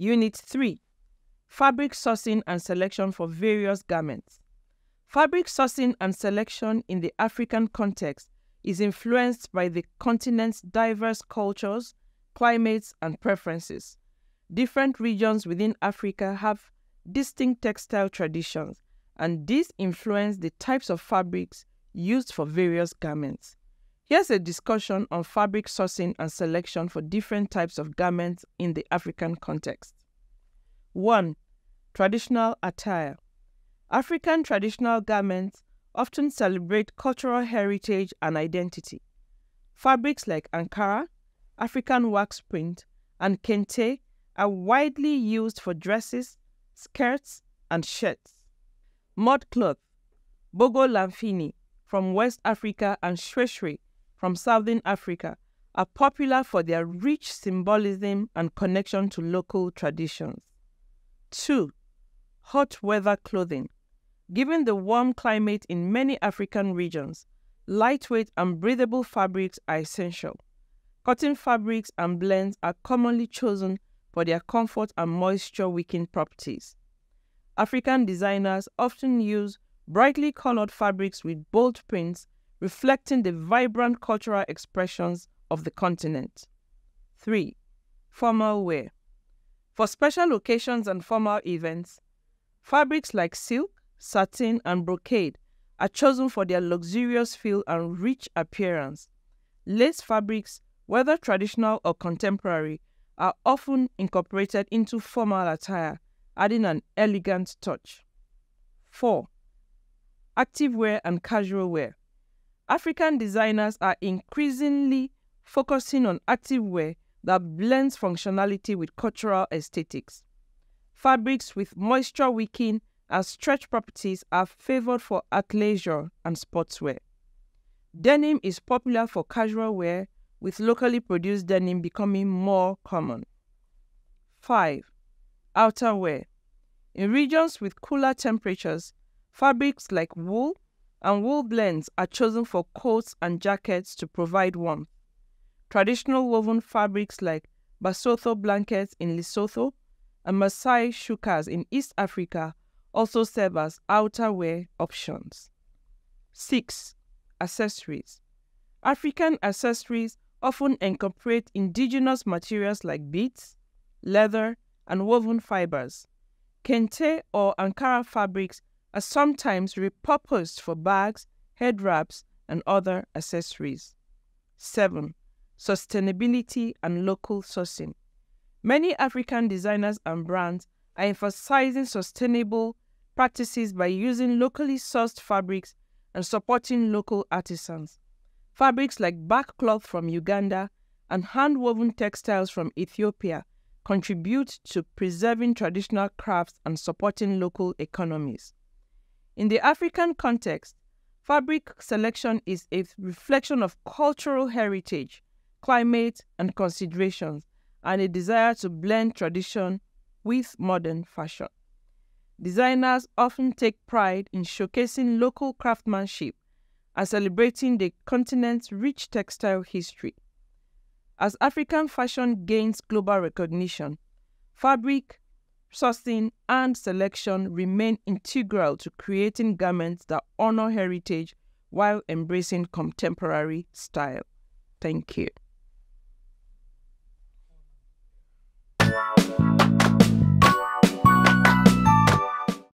Unit 3 Fabric Sourcing and Selection for Various Garments. Fabric sourcing and selection in the African context is influenced by the continent's diverse cultures, climates, and preferences. Different regions within Africa have distinct textile traditions, and these influence the types of fabrics used for various garments. Here's a discussion on fabric sourcing and selection for different types of garments in the African context. 1. Traditional attire. African traditional garments often celebrate cultural heritage and identity. Fabrics like Ankara, African wax print, and kente are widely used for dresses, skirts, and shirts. Mud cloth, Bogo Lamfini from West Africa and Shweshwe from Southern Africa are popular for their rich symbolism and connection to local traditions. 2. Hot weather clothing. Given the warm climate in many African regions, lightweight and breathable fabrics are essential. Cotton fabrics and blends are commonly chosen for their comfort and moisture wicking properties. African designers often use brightly colored fabrics with bold prints reflecting the vibrant cultural expressions of the continent. 3. Formal wear. For special occasions and formal events, fabrics like silk, satin, and brocade are chosen for their luxurious feel and rich appearance. Lace fabrics, whether traditional or contemporary, are often incorporated into formal attire, adding an elegant touch. 4. Active wear and casual wear. African designers are increasingly focusing on active wear that blends functionality with cultural aesthetics. Fabrics with moisture wicking and stretch properties are favored for athleisure and sportswear. Denim is popular for casual wear, with locally produced denim becoming more common. 5. Outerwear. In regions with cooler temperatures, fabrics like wool, and wool blends are chosen for coats and jackets to provide warmth. Traditional woven fabrics like Basotho blankets in Lesotho and Maasai shukas in East Africa also serve as outerwear options. 6. Accessories African accessories often incorporate indigenous materials like beads, leather, and woven fibers. Kente or Ankara fabrics are sometimes repurposed for bags, head wraps, and other accessories. 7. Sustainability and local sourcing. Many African designers and brands are emphasizing sustainable practices by using locally sourced fabrics and supporting local artisans. Fabrics like cloth from Uganda and hand-woven textiles from Ethiopia contribute to preserving traditional crafts and supporting local economies. In the African context, fabric selection is a reflection of cultural heritage, climate, and considerations, and a desire to blend tradition with modern fashion. Designers often take pride in showcasing local craftsmanship and celebrating the continent's rich textile history. As African fashion gains global recognition, fabric sourcing, and selection remain integral to creating garments that honor heritage while embracing contemporary style. Thank you.